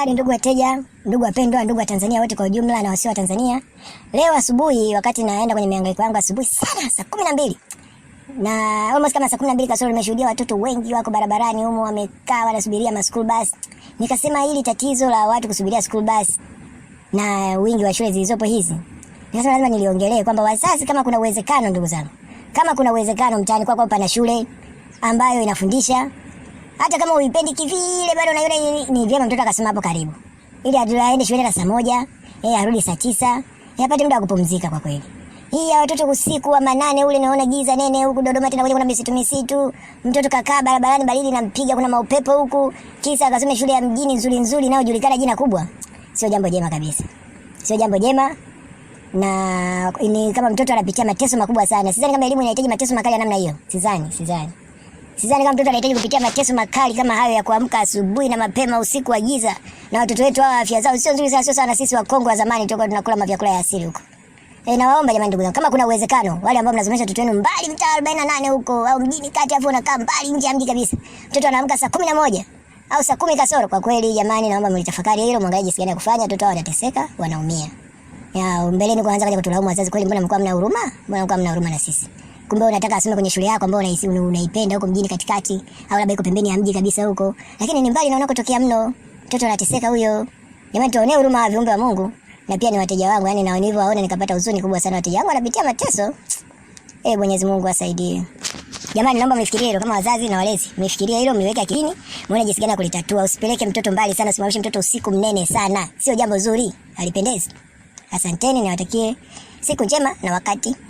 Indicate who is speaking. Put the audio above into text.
Speaker 1: Habari ndugu wateja, ndugu wapendwa, ndugu wa Tanzania wote kwa ujumla na wasio wa Tanzania. Leo asubuhi wakati naenda kwenye mihangaiko yangu asubuhi sana saa 12. na almost kama saa 12 kasoro nimeshuhudia watoto wengi wako barabarani humo wamekaa wanasubiria ma school bus. Nikasema hili tatizo la watu kusubiria school bus na wingi wa shule zilizopo hizi. Nikasema lazima niliongelee kwamba wazazi, kama kuna uwezekano ndugu zangu, kama kuna uwezekano mtaani kwa kwa pana shule ambayo inafundisha hata kama uipendi kivile, bado unaiona ni vyema mtoto akasoma hapo karibu, ili aende shule saa moja, yeye arudi saa tisa, apate muda wa kupumzika. Kwa kweli hii ya watoto usiku wa manane ule, naona giza nene huku Dodoma, tena kuna misitu misitu, mtoto kakaa barabarani, baridi na mpiga kuna maupepo huku, kisa akasome shule ya mjini nzuri nzuri, nao julikana jina kubwa, sio jambo jema kabisa, sio jambo jema na ni kama mtoto anapitia mateso makubwa sana. Sidhani kama elimu inahitaji mateso makali ya namna hiyo, sidhani, sidhani. Sidhani kama mtoto anahitaji kupitia mateso makali kama hayo ya kuamka asubuhi na mapema usiku wa giza. Na watoto wetu hawa afya zao sio nzuri sana, sio sana sisi wa Kongo wa zamani tulikuwa tunakula mavyakula ya asili huko. E, nawaomba jamani, ndugu zangu, kama kuna uwezekano, wale ambao mnazomesha watoto wenu mbali mtaa 48 huko au mjini kati, afu unakaa mbali nje ya mji kabisa, mtoto anaamka saa 11 au saa kumi kasoro. Kwa kweli jamani, naomba mlitafakari hilo, mwangalie jinsi gani ya kufanya. Watoto hao wanateseka, wanaumia. Ya mbeleni kwanza kaja kutulaumu wazazi, kweli mbona mlikuwa mna huruma? Mbona mlikuwa mna huruma na sisi? kumbe unataka asome kwenye shule yako ambayo unaipenda huko mjini katikati, au labda iko pembeni ya mji kabisa huko, lakini ni mbali na unakotokea mno. Mtoto anateseka huyo. Jamani, tuonee huruma wa viumbe wa Mungu na pia ni wateja wangu, yani na waona nikapata huzuni kubwa sana. Wateja wangu wanapitia mateso. Eh, Mwenyezi Mungu asaidie. Jamani, naomba mfikirie hilo kama wazazi na walezi. Mfikirie hilo, mliweke akilini, muone jinsi gani kulitatua. Usipeleke mtoto mbali sana, usimwamshe mtoto usiku mnene sana. Sio jambo zuri, halipendezi. Asanteni, niwatakie siku njema na wakati